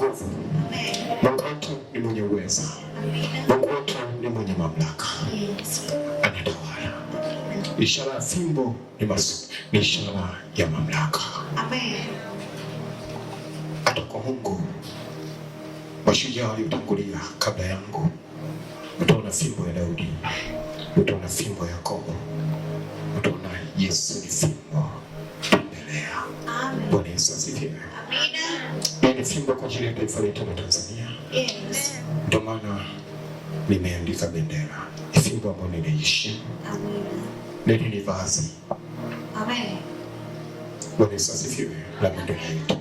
nguvu. Mungu wetu ni mwenye uwezo. Mungu wetu ni mwenye mamlaka, anatawala. Ishara ya fimbo ni, masu, ni ishara ya mamlaka. Hata kwa Mungu, mashujaa waliotangulia kabla yangu, utaona fimbo ya Daudi, utaona fimbo ya Yakobo, utaona Yesu ni fimbo Bwana Yesu asifiwe. Amina. Ni fimbo kwa ajili ya taifa letu la Tanzania. Yes. Ndio maana nimeandika bendera. Ni fimbo ambayo ninaishi. Amina. Ndio ni vazi. Amen. Bwana Yesu asifiwe. La bendera yetu.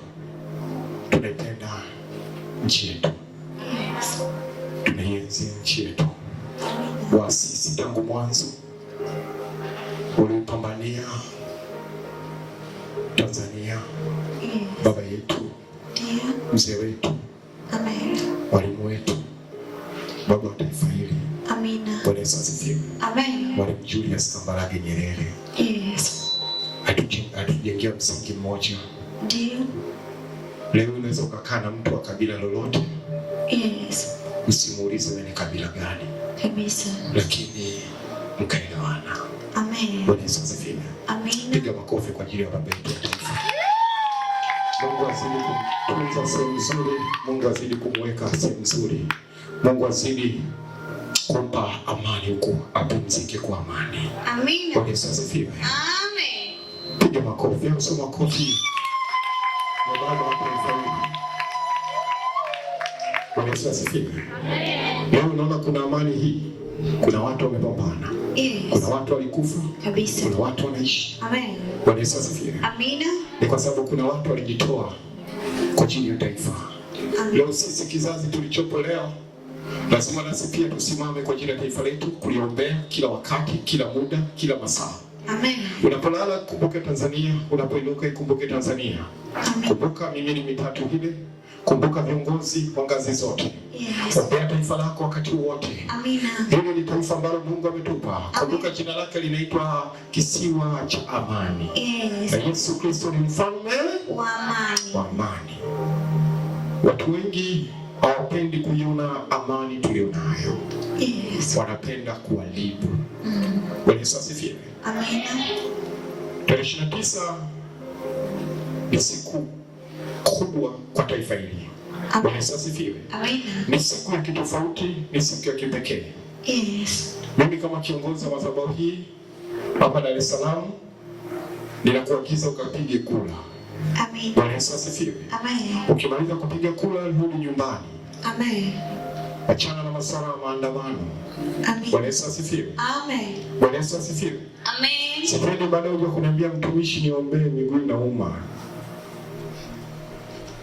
Tunaipenda nchi yetu. Tunaienzi nchi yetu. Waasisi tangu mwanzo walipambania Tanzania, mm. baba yetu, mzee wetu, mwalimu wetu, baba wa taifa hili Mwalimu Julius Kambarage Nyerere atujengea msingi mmoja. Leo unaweza ukakaa na mtu wa kabila lolote yes. Usimuulize wewe ni kabila gani kabisa, lakini mkaelewana. Amen. Amen. Piga makofi kwa ajili ya baba yetu. Mungu azidi kumtunza sehemu nzuri, Mungu azidi kumweka sehemu nzuri, Mungu azidi kumpa amani huko apumzike kwa amani. Amina. Bwana Yesu asifiwe. Amen. Piga makofi, uso makofi. Baba hapo mfalme. Bwana Yesu asifiwe. Amen. Leo naona kuna amani hii. Kuna watu wamepambana. Kuna watu walikufa, kuna watu wanaishi. Bwana Yesu asifiwe. Amina. Ni kwa sababu kuna watu walijitoa kwa ajili ya taifa. Leo sisi kizazi tulichopo leo lazima nasi pia tusimame kwa ajili ya taifa letu, kuliombea kila wakati, kila muda, kila masaa. Amen. Unapolala kumbuka Tanzania, unapoinuka ikumbuke Tanzania. Amen. Kumbuka mimini mitatu hile Kumbuka viongozi wa ngazi zote, ombea taifa lako wakati wote. Hili ni taifa ambalo Mungu ametupa. Kumbuka jina lake linaitwa kisiwa cha amani, Yes. Yesu Kristo ni mfalme wa amani. Watu wengi hawapendi kuiona amani tulionayo, wanapenda kuharibu. Mm. Bwana Yesu asifiwe. Tarehe 29 ni siku kubwa kwa taifa hili. Bwana asifiwe. Ni siku ya kitofauti, ni siku ya kipekee. Yes. Mimi kama kiongozi wa madhabahu hii hapa Dar es Salaam ninakuagiza ukapige kura. Amen. Bwana asifiwe. Amen. Ukimaliza kupiga kura rudi nyumbani. Amen. Achana na masuala ya maandamano. Amen. Bwana asifiwe. Amen. Bwana Yesu asifiwe. Amen. Sasa baada ya kuniambia mtumishi, niombee miguu inauma.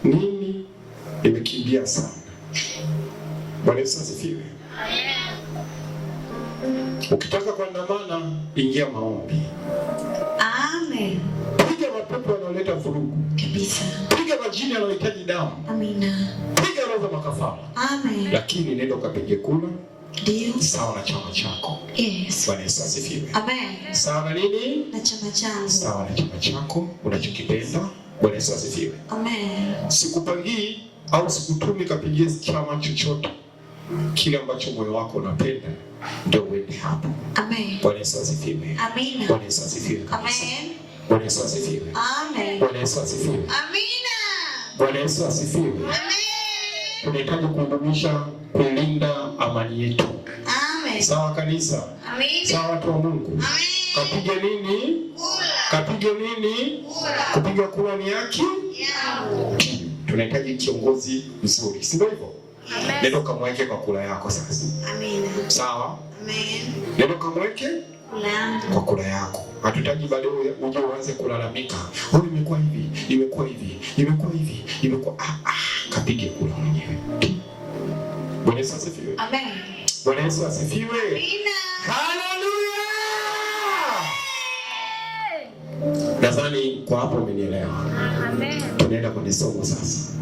Nini imekimbia sana. Bwana Yesu asifiwe. Ukitaka kuandamana, ingia maombi. Amen. Piga mapepo yanayoleta vurugu kabisa, piga majini yanayohitaji damu. Amina. Piga roho makafara. Amen. Lakini nenda ukapige kula ndio sawa na chama chako. Yes. Bwana Yesu asifiwe. Amen. Sawa na nini? Na chama changu. Sawa na chama chako unachokipenda. Bwana Yesu asifiwe. Amen. Sikupangii au sikutumi kapigie chama chochote, kile ambacho moyo wako unapenda ndio uende hapo. Amen. Bwana Yesu asifiwe. Amen. Bwana Yesu asifiwe. Amen. Bwana Yesu asifiwe. Amen. Bwana Yesu asifiwe. Amina. Bwana Yesu asifiwe. Amen. Tunahitaji kudumisha kulinda amani yetu. Amen. Sawa kanisa. Amen. Sawa watu wa Mungu. Amen. Kapige nini? kapige nini? Kupiga kura ni haki. Tunahitaji kiongozi mzuri, si ndio hivyo? Nenda kamweke kwa kura yako sasa. Amina. Sawa? Amen. Nenda kamweke kwa kura yako. Hatutaji baadaye uje uanze kulalamika. Huyu nimekuwa hivi, nimekuwa hivi, nimekuwa hivi, nimekuwa ah ah, kapige kura mwenyewe. Bwana Yesu asifiwe. Amen. Bwana Yesu asifiwe. Amina. Nadhani kwa hapo umenielewa. Amen. Tunaenda kwenye somo sasa.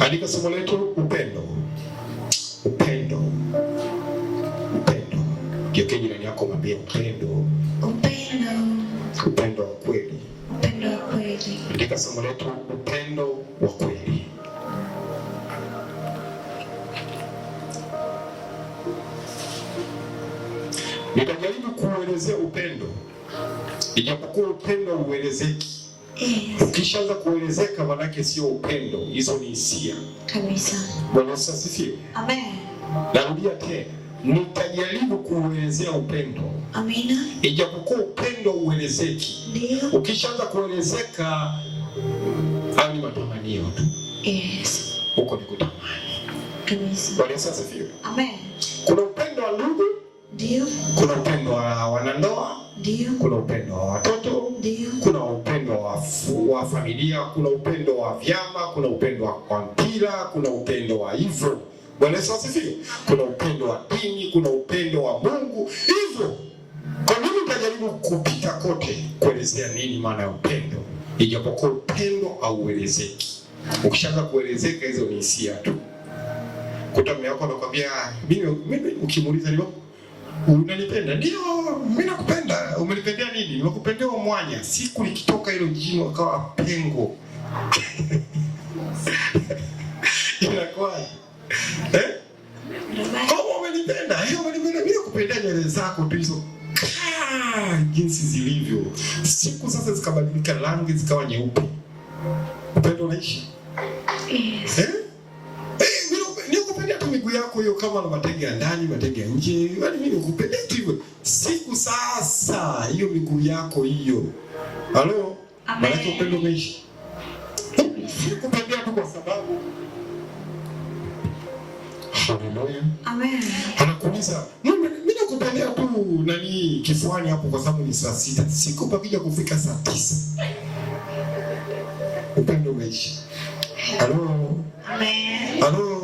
Andika somo letu upendo. Upendo. Upendo. Kioke jirani yako mwambie upendo. Upendo. Upendo wa kweli. Upendo wa kweli. Andika somo letu upendo wa kweli. Nitajaribu kuelezea upendo ijapokuwa upendo uelezeki. Yes. Ukishaanza kuelezeka, manake sio upendo, hizo ni hisia kabisa. Bwana asifiwe. Amen. Narudia tena, nitajaribu kuelezea upendo. Amina. Ijapokuwa upendo uelezeki. Ndio. Ukishaanza kuelezeka, hayo ni matamanio tu. Yes. Huko ni kutamani. Kabisa. Bwana asifiwe. Amen. Kuna upendo wa ndugu ndio. Kuna upendo wa wanandoa. Ndio. Kuna upendo wa watoto. Ndio. Kuna upendo wa, wa familia, kuna upendo wa vyama, kuna upendo wa mpira, kuna upendo wa hivyo. Bwana Yesu asifiwe. Kuna upendo wa dini, kuna upendo wa Mungu. Hivyo kwa nini nitajaribu kupita kote kuelezea nini maana ya upendo, ijapokuwa upendo hauelezeki. Ukishaanza kuelezeka, hizo ni hisia tu. Kuta mume wako anakwambia mimi, ukimuuliza ndio Unanipenda? Ndio, mimi nakupenda. Umenipendea nini? Nimekupendea mwanya. Siku nikitoka hilo jino akawa pengo. Inakuwa. Eh? Kama umenipenda, hiyo umenipenda. Mimi nakupenda nywele zako tu hizo. Ah, jinsi zilivyo. Siku sasa zikabadilika rangi zikawa nyeupe. Upendo unaishi. kama na matege ya ndani, matege ya nje, yaani mimi nikupendeza hivyo. Siku sasa hiyo miguu yako hiyo. Halo? Maana upendo umeishi. Nikupendea tu kwa sababu Haleluya. Amen. Anakuuliza, mimi nakupendea tu nani kifuani hapo kwa sababu ni saa sita. Siku pakija kufika saa tisa. Upendo umeishi. Halo? Amen. Halo?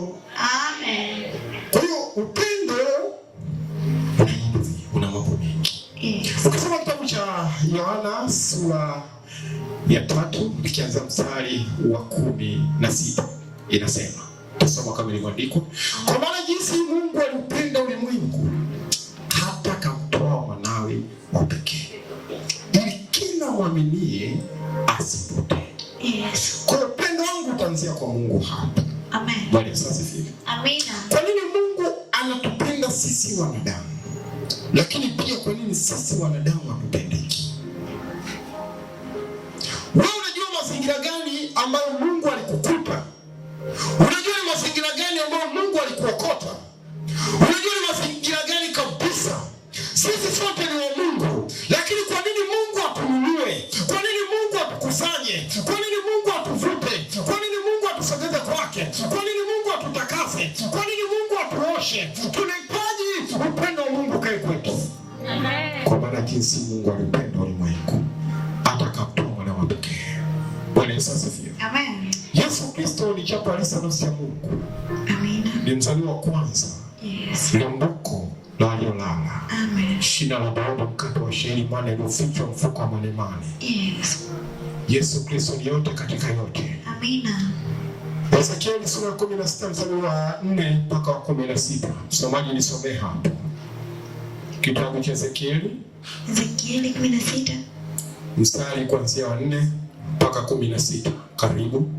sura ya tatu nikianza mstari wa kumi na sita inasema, tasoma kama ilivyoandikwa: kwa maana jinsi Mungu aliupenda ulimwengu hata akamtoa mwanawe wa pekee, ili kila mwaminie asipotee. Yes. Kwa upendo wangu utaanzia kwa Mungu hapa. Amen. Bwana asifiwe. Amina. Kwa nini Mungu anatupenda sisi wanadamu? Lakini pia kwa nini sisi wanadamu hatupendeki? mazingira gani ambayo Mungu alikukuta? Unajua ni mazingira gani ambayo Mungu alikuokota? Unajua ni mazingira gani kabisa? Sisi sote ni wa Mungu, lakini kwa nini Mungu atununue? Kwa nini Mungu atukusanye? Kwa nini Yesu Kristo ni chapa halisi nafsi ya Mungu. Amina. Ni mzaliwa wa kwanza. Yes. Limbuko la waliolala. Amen. Shina la baba mkate wa shayiri mwana iliyofichwa mfuko wa manemane. Yes. Yesu Kristo ni yote katika yote. Amina. Ezekieli sura ya 16 mstari wa 4 mpaka wa 16. Msomaji nisomee hapo. Kitabu cha Ezekieli. Ezekieli 16. Mstari kuanzia wa 4 mpaka 16. Karibu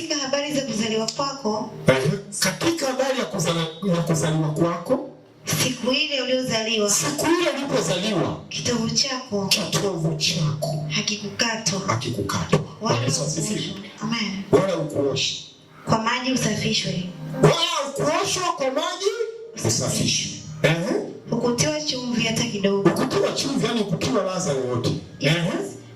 katika habari za kuzaliwa kwako, eh, katika habari ya kuzaliwa, kuzaliwa kwako, siku ile uliozaliwa, siku ile ulipozaliwa, kitovu chako, kitovu chako hakikukatwa, hakikukatwa wala usafishwe. Wala ukuoshwe kwa maji, usafishwe wala ukuoshwa kwa maji, usafishwe ukutiwa chumvi hata kidogo, ukutiwa chumvi, yani ukutiwa laza yoyote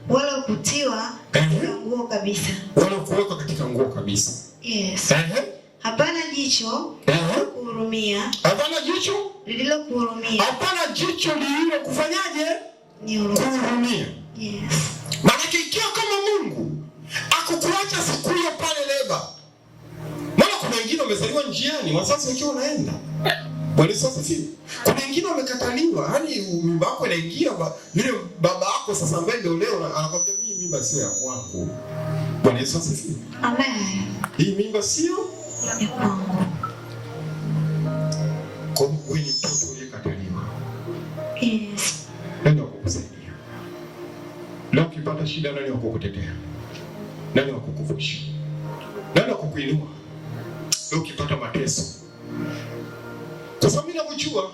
wala kutiwa katika eh? nguo kabisa, wala kuwekwa katika nguo kabisa. Yes. Ehe. Hapana jicho eh? kuhurumia, hapana jicho lililo kuhurumia. hapana jicho lililo kufanyaje? Kuhurumia. Yes. Maana ikiwa kama Mungu akukuacha siku hiyo pale leba, maana kuna wengine wamezaliwa njiani, wazazi wakiwa wanaenda Bwana asifiwe. Kuna wengine wamekataliwa, yani mimba yako inaingia ba, yule baba yako sasa ambaye ndio leo anakwambia mimi mimba sio ya kwangu. Bwana asifiwe. Amen. Hii mimba sio ya kwangu. Kwa hiyo wewe ni mtoto uliyekataliwa. Yes. Nani wa kukusaidia? Leo ukipata shida nani wa kukutetea? Nani wa kukuvusha? Nani wa kukuinua? Leo ukipata mateso sasa mimi navyojua,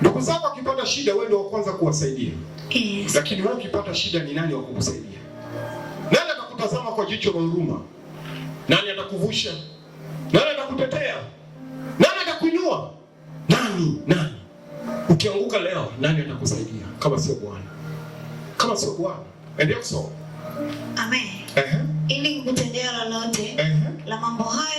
ndugu zako akipata shida, wewe ndio wa kwanza kuwasaidia yes. Lakini wewe ukipata shida, ni nani wa kukusaidia? Nani atakutazama kwa jicho la huruma? Nani atakuvusha? Nani atakutetea? Nani atakuinua? Nani? Nani? Ukianguka leo, nani atakusaidia kama sio Bwana? Kama sio Bwana. Endelea kusoma. Amen. Ehe. Ili kukutendea lolote la mambo hayo